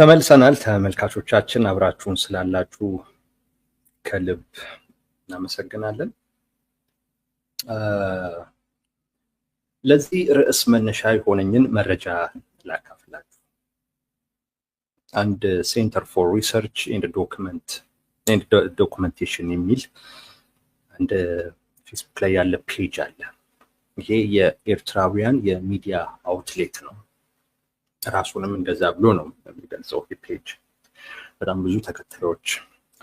ተመልሰናል። ተመልካቾቻችን አብራችሁን ስላላችሁ ከልብ እናመሰግናለን። ለዚህ ርዕስ መነሻ የሆነኝን መረጃ ላካፍላችሁ። አንድ ሴንተር ፎር ሪሰርች ኤንድ የሚል አንድ ፌስቡክ ላይ ያለ ፔጅ አለ። ይሄ የኤርትራውያን የሚዲያ አውትሌት ነው። ራሱንም እንደዛ ብሎ ነው የሚገልጸው። ፔጅ በጣም ብዙ ተከታዮች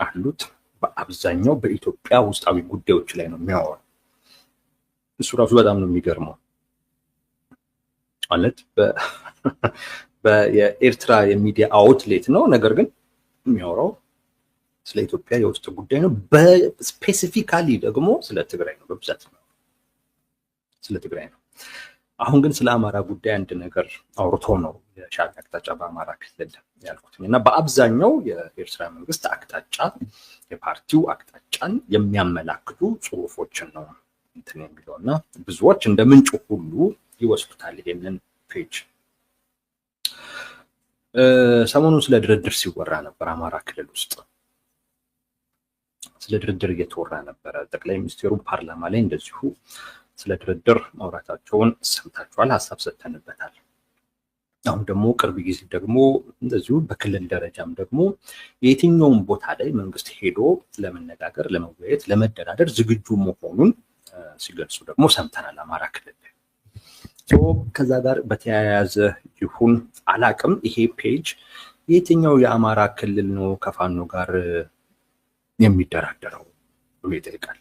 አሉት። በአብዛኛው በኢትዮጵያ ውስጣዊ ጉዳዮች ላይ ነው የሚያወራው። እሱ ራሱ በጣም ነው የሚገርመው ማለት የኤርትራ የሚዲያ አውትሌት ነው፣ ነገር ግን የሚያወራው ስለ ኢትዮጵያ የውስጥ ጉዳይ ነው። በስፔሲፊካሊ ደግሞ ስለ ትግራይ ነው በብዛት ስለ ትግራይ ነው። አሁን ግን ስለ አማራ ጉዳይ አንድ ነገር አውርቶ ነው የሻዕቢያ አቅጣጫ በአማራ ክልል ያልኩት እና በአብዛኛው የኤርትራ መንግስት አቅጣጫ የፓርቲው አቅጣጫን የሚያመላክቱ ጽሁፎችን ነው እንትን የሚለው እና ብዙዎች እንደ ምንጩ ሁሉ ይወስዱታል ይሄንን ፔጅ። ሰሞኑን ስለ ድርድር ሲወራ ነበር አማራ ክልል ውስጥ ስለ ድርድር እየተወራ ነበረ። ጠቅላይ ሚኒስትሩ ፓርላማ ላይ እንደዚሁ ስለ ድርድር ማውራታቸውን ሰምታችኋል፣ ሀሳብ ሰጥተንበታል። አሁን ደግሞ ቅርብ ጊዜ ደግሞ እንደዚሁ በክልል ደረጃም ደግሞ የትኛውም ቦታ ላይ መንግስት ሄዶ ለመነጋገር፣ ለመወያየት፣ ለመደራደር ዝግጁ መሆኑን ሲገልጹ ደግሞ ሰምተናል። አማራ ክልል ከዛ ጋር በተያያዘ ይሁን አላቅም ይሄ ፔጅ የትኛው የአማራ ክልል ነው ከፋኖ ጋር የሚደራደረው ይጠይቃል።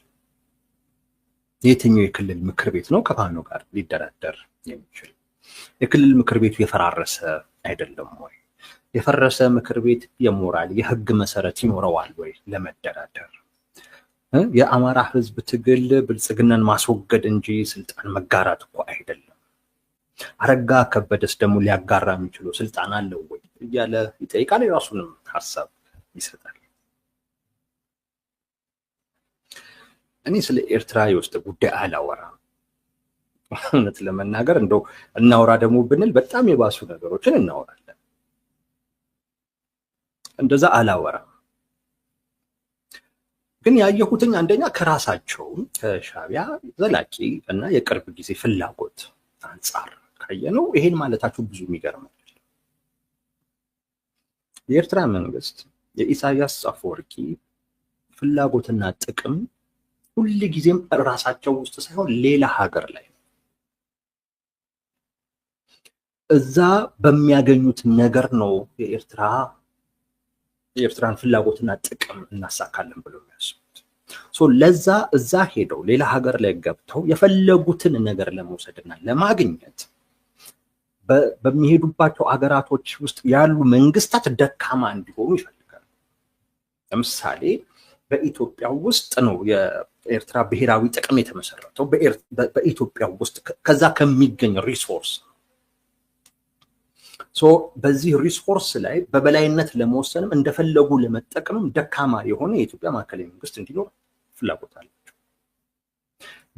የትኛው የክልል ምክር ቤት ነው ከፋኖ ጋር ሊደራደር የሚችል? የክልል ምክር ቤቱ የፈራረሰ አይደለም ወይ? የፈረሰ ምክር ቤት የሞራል የህግ መሰረት ይኖረዋል ወይ ለመደራደር? የአማራ ህዝብ ትግል ብልጽግናን ማስወገድ እንጂ ስልጣን መጋራት እኮ አይደለም። አረጋ ከበደስ ደግሞ ሊያጋራ የሚችለው ስልጣን አለው ወይ እያለ ይጠይቃል። የራሱንም ሀሳብ ይሰጣል። እኔ ስለ ኤርትራ የውስጥ ጉዳይ አላወራ እውነት ለመናገር እንደው እናውራ ደግሞ ብንል በጣም የባሱ ነገሮችን እናወራለን። እንደዛ አላወራም። ግን ያየሁትኝ አንደኛ ከራሳቸው ከሻቢያ ዘላቂ እና የቅርብ ጊዜ ፍላጎት አንጻር ካየነው ይሄን ማለታቸው ብዙ የሚገርም የኤርትራ መንግስት የኢሳያስ አፈወርቂ ፍላጎትና ጥቅም ሁል ጊዜም ራሳቸው ውስጥ ሳይሆን ሌላ ሀገር ላይ ነው። እዛ በሚያገኙት ነገር ነው የኤርትራ የኤርትራን ፍላጎትና ጥቅም እናሳካለን ብለው የሚያስቡት። ለዛ እዛ ሄደው ሌላ ሀገር ላይ ገብተው የፈለጉትን ነገር ለመውሰድና ለማግኘት በሚሄዱባቸው አገራቶች ውስጥ ያሉ መንግስታት ደካማ እንዲሆኑ ይፈልጋሉ። ለምሳሌ በኢትዮጵያ ውስጥ ነው ኤርትራ ብሔራዊ ጥቅም የተመሰረተው በኢትዮጵያ ውስጥ ከዛ ከሚገኝ ሪሶርስ በዚህ ሪሶርስ ላይ በበላይነት ለመወሰንም እንደፈለጉ ለመጠቀምም ደካማ የሆነ የኢትዮጵያ ማዕከላዊ መንግስት እንዲኖር ፍላጎት አላቸው።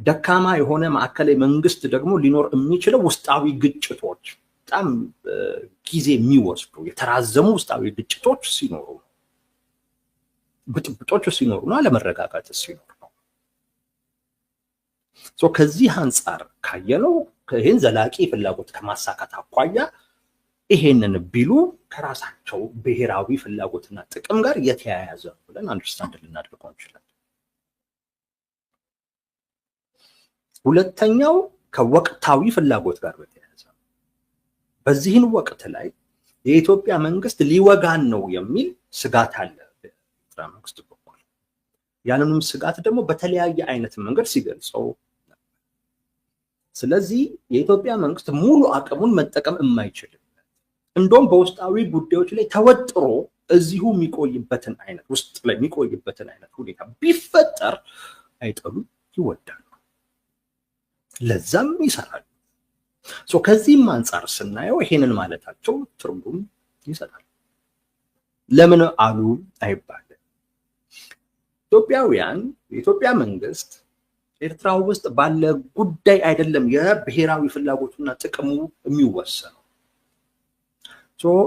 ደካማ የሆነ ማዕከላዊ መንግስት ደግሞ ሊኖር የሚችለው ውስጣዊ ግጭቶች፣ በጣም ጊዜ የሚወስዱ የተራዘሙ ውስጣዊ ግጭቶች ሲኖሩ፣ ብጥብጦች ሲኖሩ ነው፣ አለመረጋጋት ሲኖሩ ከዚህ አንጻር ካየነው ይህን ዘላቂ ፍላጎት ከማሳካት አኳያ ይሄንን ቢሉ ከራሳቸው ብሔራዊ ፍላጎትና ጥቅም ጋር የተያያዘ ብለን አንደርስታንድ ልናደርገው እንችላለን። ሁለተኛው ከወቅታዊ ፍላጎት ጋር በተያያዘ በዚህን ወቅት ላይ የኢትዮጵያ መንግስት ሊወጋን ነው የሚል ስጋት አለ በኤርትራ መንግስት በኩል። ያንንም ስጋት ደግሞ በተለያየ አይነት መንገድ ሲገልጸው ስለዚህ የኢትዮጵያ መንግስት ሙሉ አቅሙን መጠቀም የማይችልም እንደውም በውስጣዊ ጉዳዮች ላይ ተወጥሮ እዚሁ የሚቆይበትን አይነት ውስጥ ላይ የሚቆይበትን አይነት ሁኔታ ቢፈጠር አይጠሉ ይወዳሉ፣ ለዛም ይሰራሉ። ከዚህም አንጻር ስናየው ይሄንን ማለታቸው ትርጉም ይሰጣል። ለምን አሉ አይባልም። ኢትዮጵያውያን የኢትዮጵያ መንግስት ኤርትራ ውስጥ ባለ ጉዳይ አይደለም የብሔራዊ ፍላጎቱና ጥቅሙ የሚወሰነው።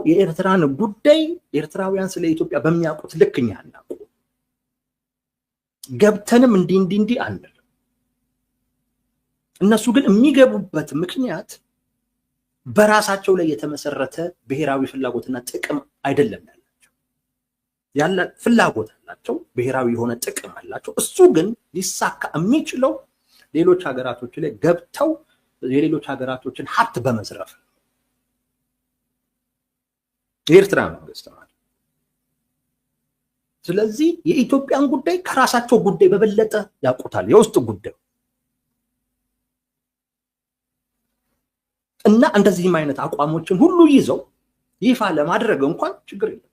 የኤርትራን ጉዳይ ኤርትራውያን ስለ ኢትዮጵያ በሚያውቁት ልክ እኛ አናውቁ ገብተንም እንዲህ እንዲህ እንዲህ አንል። እነሱ ግን የሚገቡበት ምክንያት በራሳቸው ላይ የተመሰረተ ብሔራዊ ፍላጎትና ጥቅም አይደለም ያለ ያለ ፍላጎት አላቸው፣ ብሔራዊ የሆነ ጥቅም አላቸው። እሱ ግን ሊሳካ የሚችለው ሌሎች ሀገራቶች ላይ ገብተው የሌሎች ሀገራቶችን ሀብት በመዝረፍ የኤርትራ መንግስት ማለት ስለዚህ የኢትዮጵያን ጉዳይ ከራሳቸው ጉዳይ በበለጠ ያውቁታል፣ የውስጥ ጉዳይ እና እንደዚህም አይነት አቋሞችን ሁሉ ይዘው ይፋ ለማድረግ እንኳን ችግር የለም።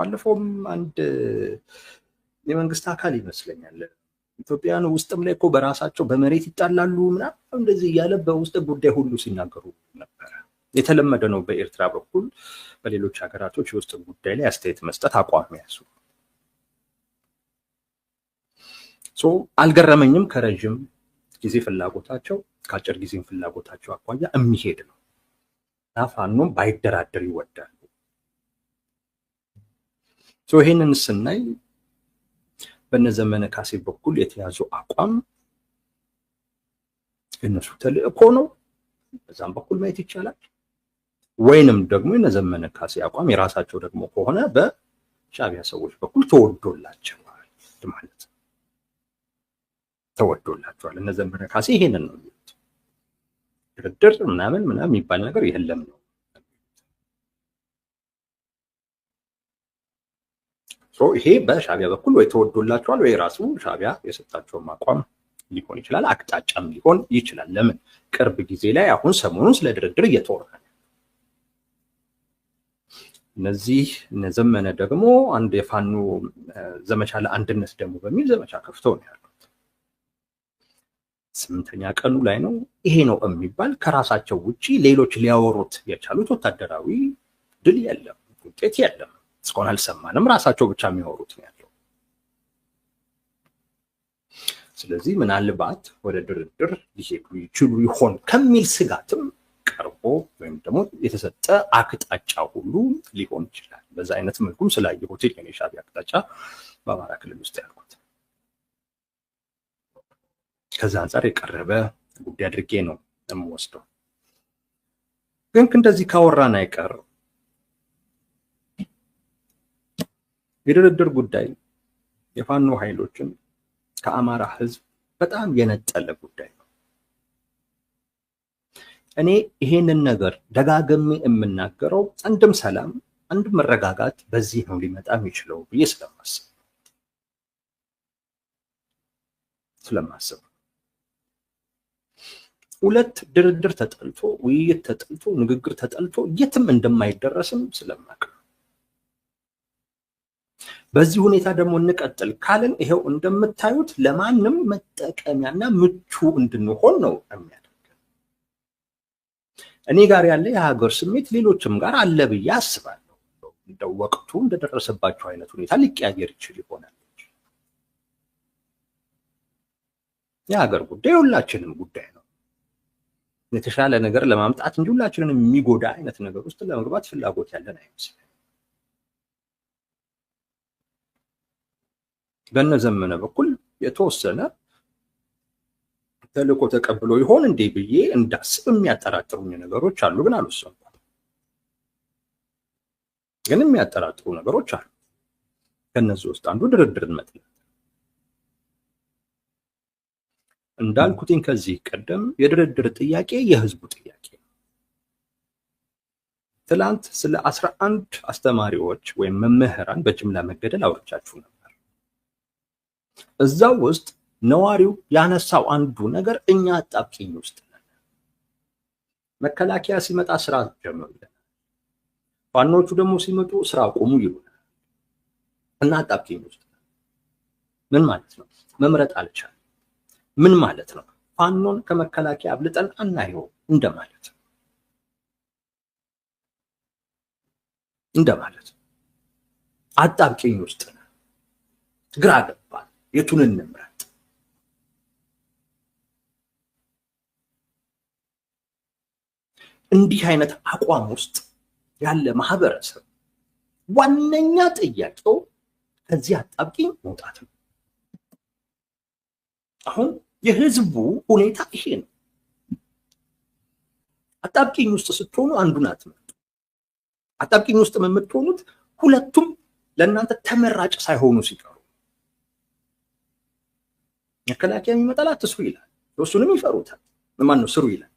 ባለፈውም አንድ የመንግስት አካል ይመስለኛል ኢትዮጵያን ውስጥም ላይ እኮ በራሳቸው በመሬት ይጣላሉ ምናምን እንደዚህ እያለ በውስጥ ጉዳይ ሁሉ ሲናገሩ ነበረ። የተለመደ ነው በኤርትራ በኩል በሌሎች ሀገራቶች የውስጥ ጉዳይ ላይ አስተያየት መስጠት፣ አቋም ያሱ አልገረመኝም። ከረዥም ጊዜ ፍላጎታቸው ከአጭር ጊዜም ፍላጎታቸው አኳያ የሚሄድ ነው እና ፋኖም ባይደራደር ይወዳል። ይሄንን ስናይ በነ ዘመነ ካሴ በኩል የተያዙ አቋም የነሱ ተልእኮ ነው። በዛም በኩል ማየት ይቻላል። ወይንም ደግሞ የነ ዘመነ ካሴ አቋም የራሳቸው ደግሞ ከሆነ በሻቢያ ሰዎች በኩል ተወዶላቸዋል ማለት ነው። ተወዶላቸዋል። እነ ዘመነ ካሴ ይሄንን ነው የሚሉት። ድርድር ምናምን ምናምን የሚባል ነገር የለም ነው ይሄ በሻቢያ በኩል ወይ ተወዶላቸዋል ወይ ራሱ ሻቢያ የሰጣቸውን አቋም ሊሆን ይችላል፣ አቅጣጫም ሊሆን ይችላል። ለምን ቅርብ ጊዜ ላይ አሁን ሰሞኑን ስለ ድርድር እየተወራ እነዚህ ዘመነ ደግሞ አንድ የፋኖ ዘመቻ ለአንድነት ደግሞ በሚል ዘመቻ ከፍተው ነው ያሉት። ስምንተኛ ቀኑ ላይ ነው ይሄ ነው የሚባል ከራሳቸው ውጭ ሌሎች ሊያወሩት የቻሉት ወታደራዊ ድል የለም፣ ውጤት የለም። እስካሁን አልሰማንም። ራሳቸው ብቻ የሚኖሩት ነው ያለው። ስለዚህ ምናልባት ወደ ድርድር ሊሄዱ ይችሉ ይሆን ከሚል ስጋትም ቀርቦ ወይም ደግሞ የተሰጠ አቅጣጫ ሁሉ ሊሆን ይችላል። በዛ አይነት መልኩም ስላየሁት የኔ ሻዕቢያ አቅጣጫ በአማራ ክልል ውስጥ ያልኩት ከዛ አንጻር የቀረበ ጉዳይ አድርጌ ነው የምወስደው። ግን እንደዚህ ካወራን አይቀር የድርድር ጉዳይ የፋኖ ኃይሎችን ከአማራ ህዝብ በጣም የነጠለ ጉዳይ ነው። እኔ ይሄንን ነገር ደጋግሜ የምናገረው አንድም ሰላም አንድም መረጋጋት በዚህ ነው ሊመጣ የሚችለው ብዬ ስለማስብ ስለማስብ ሁለት ድርድር ተጠልቶ ውይይት ተጠልቶ ንግግር ተጠልቶ የትም እንደማይደረስም ስለማቅ በዚህ ሁኔታ ደግሞ እንቀጥል ካልን ይሄው እንደምታዩት ለማንም መጠቀሚያና ምቹ እንድንሆን ነው የሚያደርገን። እኔ ጋር ያለ የሀገር ስሜት ሌሎችም ጋር አለ ብዬ አስባለሁ። እንደ ወቅቱ እንደደረሰባቸው አይነት ሁኔታ ሊቀያየር ይችል ይሆናል። የሀገር ጉዳይ የሁላችንም ጉዳይ ነው። የተሻለ ነገር ለማምጣት እንጂ ሁላችንን የሚጎዳ አይነት ነገር ውስጥ ለመግባት ፍላጎት ያለን አይመስለኝ በነዘመነ በኩል የተወሰነ ተልእኮ ተቀብሎ ይሆን እንዴ ብዬ እንዳስብ የሚያጠራጥሩኝ ነገሮች አሉ፣ ግን አልወሰንኩም። ግን የሚያጠራጥሩ ነገሮች አሉ። ከነዚህ ውስጥ አንዱ ድርድርን መጥላት እንዳልኩትኝ ከዚህ ቀደም የድርድር ጥያቄ የህዝቡ ጥያቄ ትላንት ስለ አስራ አንድ አስተማሪዎች ወይም መምህራን በጅምላ መገደል አውርቻችሁ ነው። እዛው ውስጥ ነዋሪው ያነሳው አንዱ ነገር እኛ አጣብቂኝ ውስጥ ነን። መከላከያ ሲመጣ ስራ ጀምሩ ይለናል። ፋኖቹ ደግሞ ሲመጡ ስራ ቆሙ ይሉናል። እና አጣብቂኝ ውስጥ ነን። ምን ማለት ነው? መምረጥ አልቻል። ምን ማለት ነው? ፋኖን ከመከላከያ አብልጠን አናየው እንደማለት እንደማለት አጣብቂኝ ውስጥ ነን። ግራ ገባል። የቱን እንምረጥ? እንዲህ አይነት አቋም ውስጥ ያለ ማህበረሰብ ዋነኛ ጥያቄው ከዚህ አጣብቂኝ መውጣት ነው። አሁን የህዝቡ ሁኔታ ይሄ ነው። አጣብቂኝ ውስጥ ስትሆኑ አንዱን አትመርጡ። አጣብቂኝ ውስጥ የምትሆኑት ሁለቱም ለእናንተ ተመራጭ ሳይሆኑ ሲቀሩ መከላከያ የሚመጣል አትስሩ ይላል። እሱንም ይፈሩታል። ማን ነው ስሩ ይላል።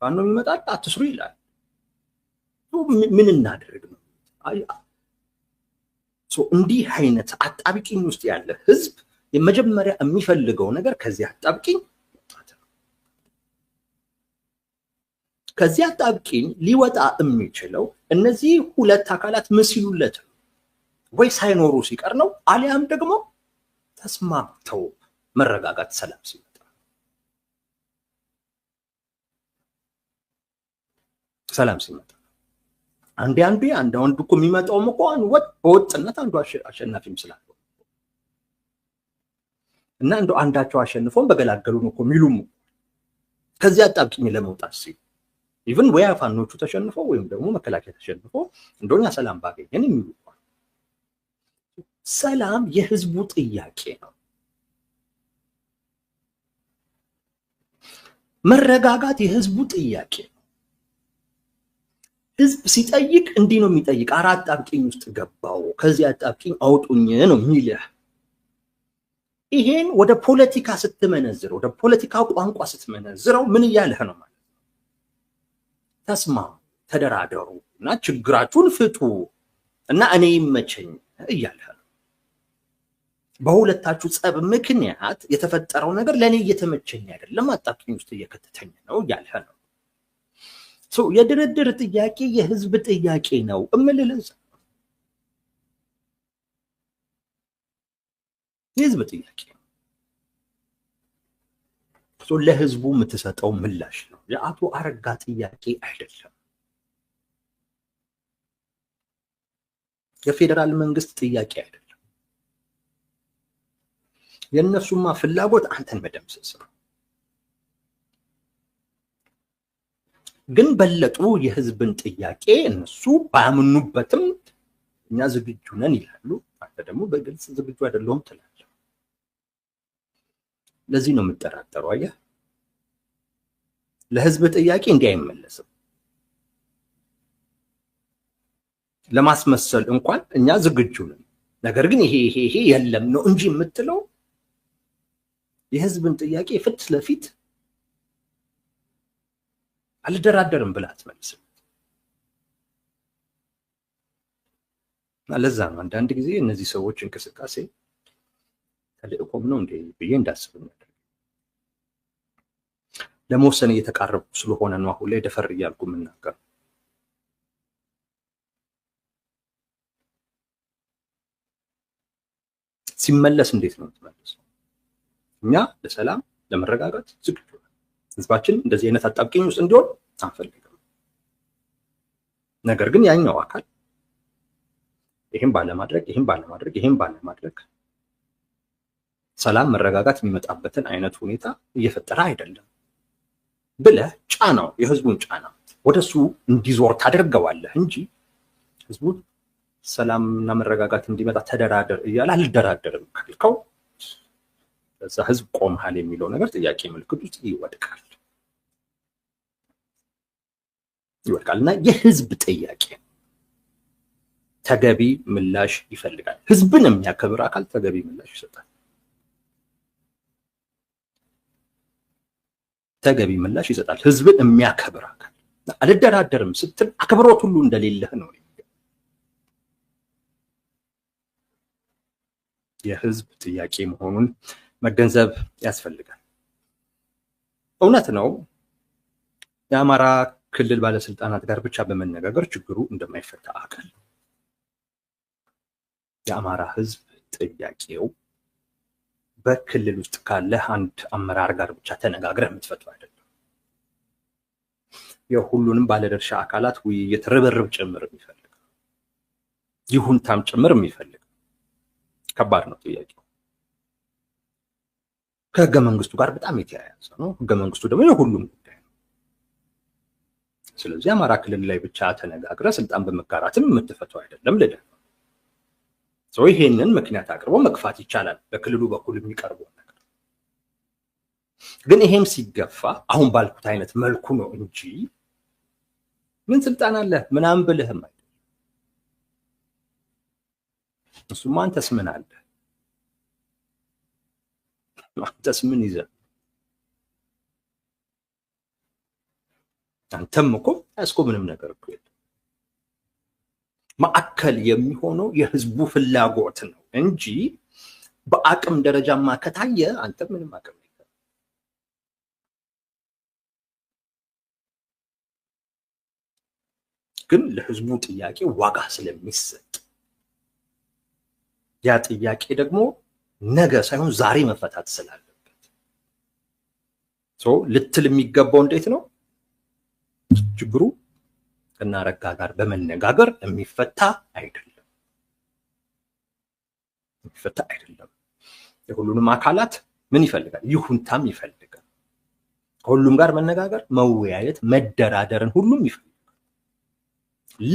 ፋኖ የሚመጣል አትስሩ ይላል። ምን እናደርግ ነው? እንዲህ አይነት አጣብቂኝ ውስጥ ያለ ህዝብ የመጀመሪያ የሚፈልገው ነገር ከዚህ አጣብቂኝ መውጣት ነው። ከዚህ አጣብቂኝ ሊወጣ የሚችለው እነዚህ ሁለት አካላት ምስሉለት ወይ ሳይኖሩ ሲቀር ነው፣ አሊያም ደግሞ ተስማምተው መረጋጋት፣ ሰላም ሲመጣ ሰላም ሲመጣ አንዴ አንዱ አንድ አንዱ እኮ የሚመጣውም እኮ ወጥ በወጥነት አንዱ አሸናፊም ስላለው እና እንደ አንዳቸው አሸንፎን በገላገሉ ነው እኮ የሚሉም ከዚህ አጣብቂኝ ለመውጣት ሲሉ ኢቭን ወይ አፋኖቹ ተሸንፎ ወይም ደግሞ መከላከያ ተሸንፎ እንደሆነ ሰላም ባገኘን የሚሉ ሰላም የህዝቡ ጥያቄ ነው። መረጋጋት የህዝቡ ጥያቄ ነው። ህዝብ ሲጠይቅ እንዲህ ነው የሚጠይቅ። አራት አጣብቂኝ ውስጥ ገባው ከዚህ አጣብቂኝ አውጡኝ ነው የሚልህ። ይሄን ወደ ፖለቲካ ስትመነዝረው፣ ወደ ፖለቲካ ቋንቋ ስትመነዝረው ምን እያለህ ነው ማለት ነው? ተስማሙ፣ ተደራደሩ እና ችግራችሁን ፍቱ እና እኔ ይመቸኝ እያለህ በሁለታችሁ ጸብ ምክንያት የተፈጠረው ነገር ለእኔ እየተመቸኝ አይደለም፣ አጣብቂኝ ውስጥ እየከተተኝ ነው እያለ ነው። የድርድር ጥያቄ የህዝብ ጥያቄ ነው እምልልህ የህዝብ ጥያቄ ለህዝቡ የምትሰጠው ምላሽ ነው። የአቶ አረጋ ጥያቄ አይደለም። የፌዴራል መንግስት ጥያቄ አይደለም። የእነሱማ ፍላጎት አንተን መደምሰስ ነው። ግን በለጡ የህዝብን ጥያቄ እነሱ ባያምኑበትም እኛ ዝግጁ ነን ይላሉ። አንተ ደግሞ በግልጽ ዝግጁ አይደለሁም ትላለህ። ለዚህ ነው የምጠራጠሩ። አየህ፣ ለህዝብ ጥያቄ እንዲህ አይመለስም። ለማስመሰል እንኳን እኛ ዝግጁ ነን፣ ነገር ግን ይሄ ይሄ ይሄ የለም ነው እንጂ የምትለው የህዝብን ጥያቄ ፊት ለፊት አልደራደርም ብላ አትመልስም። ለዛ ነው አንዳንድ ጊዜ እነዚህ ሰዎች እንቅስቃሴ ተልእኮም ነው እንዴ ብዬ እንዳስብ ለመወሰን እየተቃረቡ ስለሆነ ነው አሁን ላይ ደፈር እያልኩ የምናገር። ሲመለስ እንዴት ነው የምትመለሰው? እኛ ለሰላም ለመረጋጋት ዝግጁ ነን። ህዝባችን እንደዚህ አይነት አጣብቂኝ ውስጥ እንዲሆን አንፈልግም። ነገር ግን ያኛው አካል ይህም ባለማድረግ ይህም ባለማድረግ ይህም ባለማድረግ ሰላም መረጋጋት የሚመጣበትን አይነት ሁኔታ እየፈጠረ አይደለም ብለህ ጫናው የህዝቡን ጫና ወደሱ እንዲዞር ታደርገዋለህ እንጂ ህዝቡ ሰላምና መረጋጋት እንዲመጣ ተደራደር እያለ አልደራደርም ካልከው ለዛ ህዝብ ቆምሃል የሚለው ነገር ጥያቄ ምልክት ውስጥ ይወድቃል ይወድቃል እና የህዝብ ጥያቄ ተገቢ ምላሽ ይፈልጋል። ህዝብን የሚያከብር አካል ተገቢ ምላሽ ይሰጣል። ተገቢ ምላሽ ይሰጣል። ህዝብን የሚያከብር አካል አልደራደርም ስትል አክብሮት ሁሉ እንደሌለህ ነው። የህዝብ ጥያቄ መሆኑን መገንዘብ ያስፈልጋል። እውነት ነው የአማራ ክልል ባለስልጣናት ጋር ብቻ በመነጋገር ችግሩ እንደማይፈታ አካል የአማራ ህዝብ ጥያቄው በክልል ውስጥ ካለ አንድ አመራር ጋር ብቻ ተነጋግረህ የምትፈቱ አይደለም። የሁሉንም ባለድርሻ አካላት ውይይት፣ ርብርብ ጭምር የሚፈልግ ይሁንታም ጭምር የሚፈልግ ከባድ ነው ጥያቄው። ከህገ መንግስቱ ጋር በጣም የተያያዘ ነው። ህገ መንግስቱ ደግሞ የሁሉም ጉዳይ ነው። ስለዚህ አማራ ክልል ላይ ብቻ ተነጋግረ ስልጣን በመጋራትም የምትፈተው አይደለም። ልደ ሰው ይሄንን ምክንያት አቅርቦ መግፋት ይቻላል። በክልሉ በኩል የሚቀርበው ነገር ግን ይሄም ሲገፋ አሁን ባልኩት አይነት መልኩ ነው እንጂ ምን ስልጣን አለ ምናምን ብልህም አይደለም። እሱማ አንተስ ምን አለ አንተስ ምን ይዘ አንተም እኮ ያስኮ ምንም ነገር እኮ ማዕከል የሚሆነው የህዝቡ ፍላጎት ነው እንጂ በአቅም ደረጃማ ከታየ አንተ ምንም አቅም ግን ለህዝቡ ጥያቄ ዋጋ ስለሚሰጥ ያ ጥያቄ ደግሞ ነገ ሳይሆን ዛሬ መፈታት ስላለበት ልትል የሚገባው እንዴት ነው ችግሩ ከናረጋ ጋር በመነጋገር የሚፈታ አይደለም የሚፈታ አይደለም። የሁሉንም አካላት ምን ይፈልጋል? ይሁንታም ይፈልጋል። ከሁሉም ጋር መነጋገር፣ መወያየት፣ መደራደርን ሁሉም ይፈልጋል።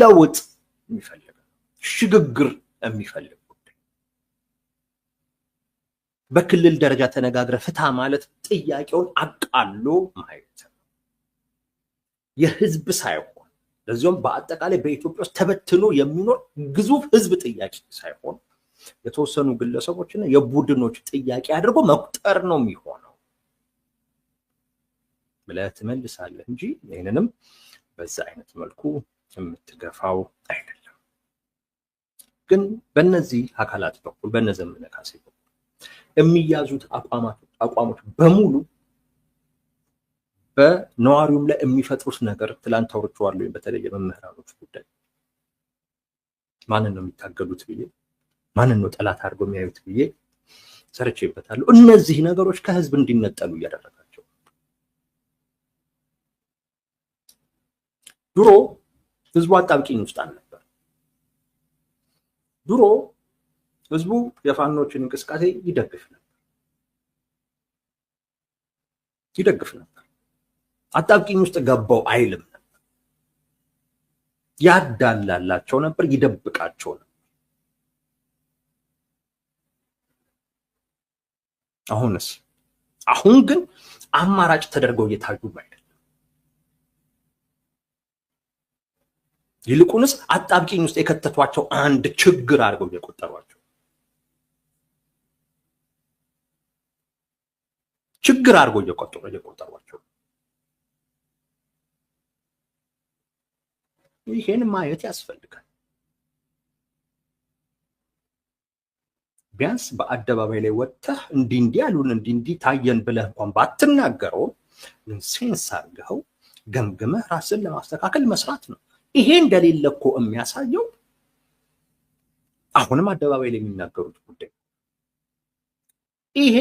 ለውጥ የሚፈልጋል፣ ሽግግር የሚፈልጋል። በክልል ደረጃ ተነጋግረ ፍታ ማለት ጥያቄውን አቃሎ ማየት የህዝብ ሳይሆን ለዚሁም በአጠቃላይ በኢትዮጵያ ውስጥ ተበትኖ የሚኖር ግዙፍ ህዝብ ጥያቄ ሳይሆን የተወሰኑ ግለሰቦችና የቡድኖች ጥያቄ አድርጎ መቁጠር ነው የሚሆነው ብለህ ትመልሳለህ እንጂ ይህንንም በዛ አይነት መልኩ የምትገፋው አይደለም። ግን በነዚህ አካላት በኩል በነ ካሴ በኩል የሚያዙት አቋሞች በሙሉ በነዋሪውም ላይ የሚፈጥሩት ነገር ትላንት ታውርቼዋለሁ። በተለይ የመምህራኖች ጉዳይ ማንን ነው የሚታገሉት ብዬ ማንን ነው ጠላት አድርገው የሚያዩት ብዬ ሰርቼበታለሁ። እነዚህ ነገሮች ከህዝብ እንዲነጠሉ እያደረጋቸው ድሮ ህዝቡ አጣብቂኝ ውስጥ አልነበር ድሮ ህዝቡ የፋኖችን እንቅስቃሴ ይደግፍ ነበር ይደግፍ ነበር። አጣብቂኝ ውስጥ ገባው አይልም ነበር። ያዳላላቸው ነበር፣ ይደብቃቸው ነበር። አሁንስ አሁን ግን አማራጭ ተደርገው እየታዩ አይደለም። ይልቁንስ አጣብቂኝ ውስጥ የከተቷቸው አንድ ችግር አድርገው እየቆጠሯቸው ችግር አድርጎ እየቆጠሩ እየቆጠሯቸው ይሄን ማየት ያስፈልጋል። ቢያንስ በአደባባይ ላይ ወጥተህ እንዲህ እንዲህ አሉን እንዲህ እንዲህ ታየን ብለህ እንኳን ባትናገረው ግን ሴንስ አድርገኸው ገምግመህ ራስን ለማስተካከል መስራት ነው። ይሄ እንደሌለ እኮ የሚያሳየው አሁንም አደባባይ ላይ የሚናገሩት ጉዳይ ይሄ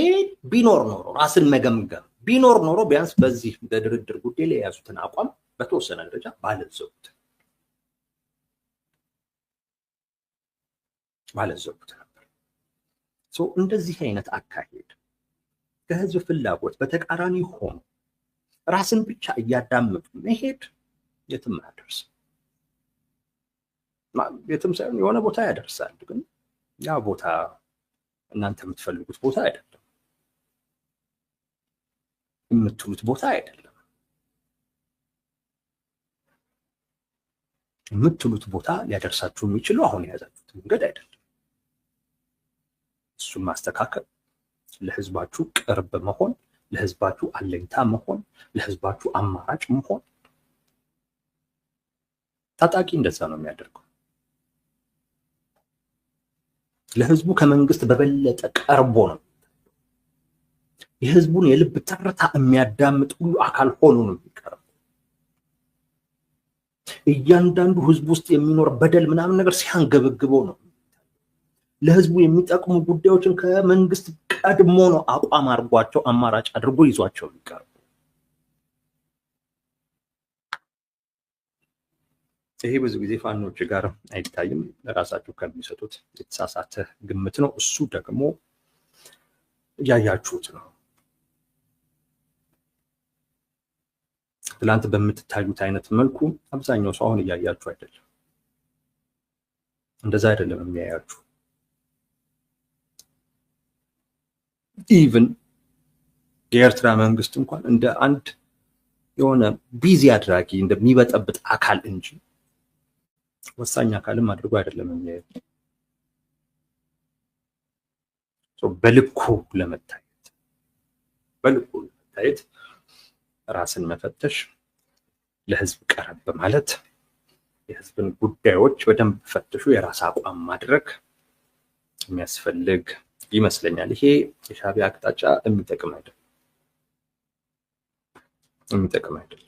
ቢኖር ኖሮ ራስን መገምገም ቢኖር ኖሮ ቢያንስ በዚህ በድርድር ጉዳይ ላይ የያዙትን አቋም በተወሰነ ደረጃ ባለዘቡት ባለዘቡት ነበር። እንደዚህ አይነት አካሄድ ከህዝብ ፍላጎት በተቃራኒ ሆኖ ራስን ብቻ እያዳመጡ መሄድ የትም አያደርስም። የትም ሳይሆን የሆነ ቦታ ያደርሳል፣ ግን ያ ቦታ እናንተ የምትፈልጉት ቦታ አይደለም፣ የምትሉት ቦታ አይደለም። የምትሉት ቦታ ሊያደርሳችሁ የሚችለው አሁን የያዛችሁት መንገድ አይደለም። እሱን ማስተካከል፣ ለህዝባችሁ ቅርብ መሆን፣ ለህዝባችሁ አለኝታ መሆን፣ ለህዝባችሁ አማራጭ መሆን። ታጣቂ እንደዛ ነው የሚያደርገው። ለህዝቡ ከመንግስት በበለጠ ቀርቦ ነው የህዝቡን የልብ ትርታ የሚያዳምጥ ሁሉ አካል ሆኖ ነው የሚቀርበው። እያንዳንዱ ህዝብ ውስጥ የሚኖር በደል ምናምን ነገር ሲያንገበግበው ነው። ለህዝቡ የሚጠቅሙ ጉዳዮችን ከመንግስት ቀድሞ ነው አቋም አድርጓቸው አማራጭ አድርጎ ይዟቸው የሚቀርበው። ይሄ ብዙ ጊዜ ፋኖች ጋር አይታይም። ለራሳቸው ከሚሰጡት የተሳሳተ ግምት ነው። እሱ ደግሞ እያያችሁት ነው። ትላንት በምትታዩት አይነት መልኩ አብዛኛው ሰው አሁን እያያችሁ አይደለም። እንደዛ አይደለም የሚያያችሁ። ኢቭን የኤርትራ መንግስት እንኳን እንደ አንድ የሆነ ቢዚ አድራጊ እንደሚበጠብጥ አካል እንጂ ወሳኝ አካልም አድርጎ አይደለም የሚያየው በልኩ ለመታየት በልኩ ለመታየት ራስን መፈተሽ፣ ለህዝብ ቀረብ ማለት፣ የህዝብን ጉዳዮች በደንብ ፈትሹ፣ የራስ አቋም ማድረግ የሚያስፈልግ ይመስለኛል። ይሄ የሻቢያ አቅጣጫ የሚጠቅም አይደለም የሚጠቅም አይደለም።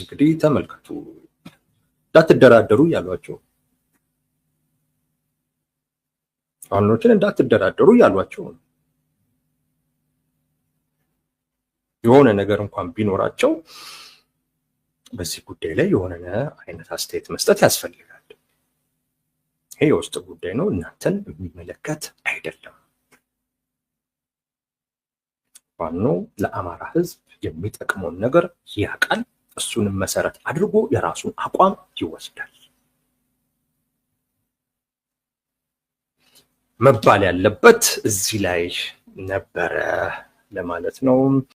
እንግዲህ ተመልከቱ። እንዳትደራደሩ ያሏቸው ፋኖችን እንዳትደራደሩ እያሏቸው የሆነ ነገር እንኳን ቢኖራቸው በዚህ ጉዳይ ላይ የሆነ አይነት አስተያየት መስጠት ያስፈልጋል። ይሄ የውስጥ ጉዳይ ነው፣ እናንተን የሚመለከት አይደለም። ፋኖ ለአማራ ሕዝብ የሚጠቅመውን ነገር ያውቃል። እሱንም መሰረት አድርጎ የራሱን አቋም ይወስዳል። መባል ያለበት እዚህ ላይ ነበረ ለማለት ነው።